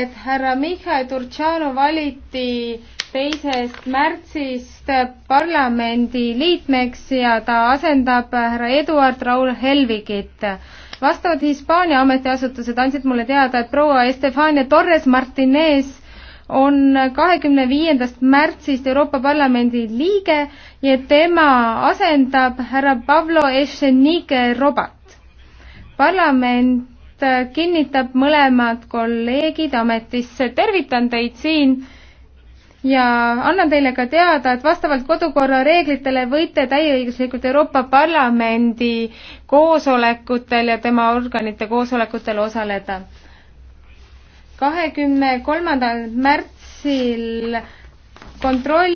et härra Mihhail Turtšanu valiti teisest märtsist parlamendi liikmeks ja ta asendab härra Eduard Raul Helvigit. vastavad Hispaania ametiasutused andsid mulle teada, et proua Estefania Torres Martinez on kahekümne viiendast märtsist Euroopa Parlamendi liige ja tema asendab härra Pablo Echenique Robat. parlament Äh, kinnitab mõlemad kolleegid ametisse. tervitan teid siin ja annan teile ka teada, et vastavalt kodukorra reeglitele võite täieõiguslikult Euroopa Parlamendi koosolekutel ja tema organite koosolekutel osaleda. kahekümne kolmandal märtsil kontroll